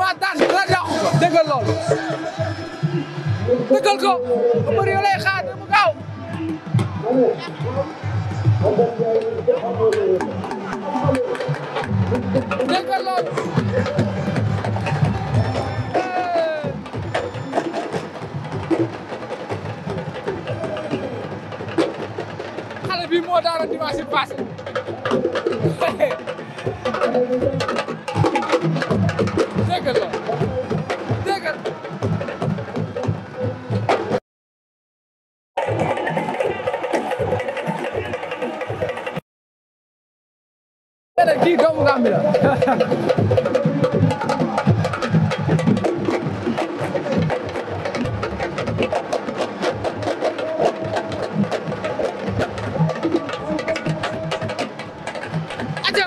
ma daan dara yàqu ko dëggal loolu dëggal ko mbër yi lay xaar mu gaaw dëggal loolu xale bi moo daara dimanche passé déggal la déggal la kii doomu Gàmbi la aja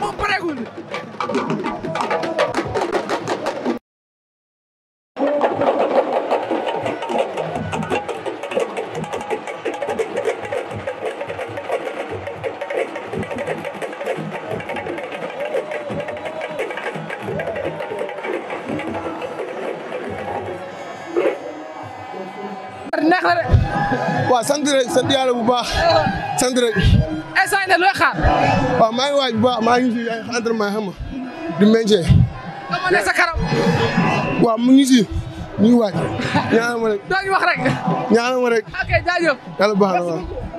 mo paregul neex na waaw sant rek sant yàlla bu baax sant rek. instant yii nag looy xaar. waaw maa ngi waaj bu baax maa ngi si entraînement xam nga di meññee. dama ne sa karam. mu ngi si ñu ngi waaj ñaanal ma rek. doo ñu wax rek. ñaanal ma rek. ok jaajëf. yàlla baax na waaw.